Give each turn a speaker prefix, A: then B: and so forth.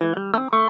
A: 嗯。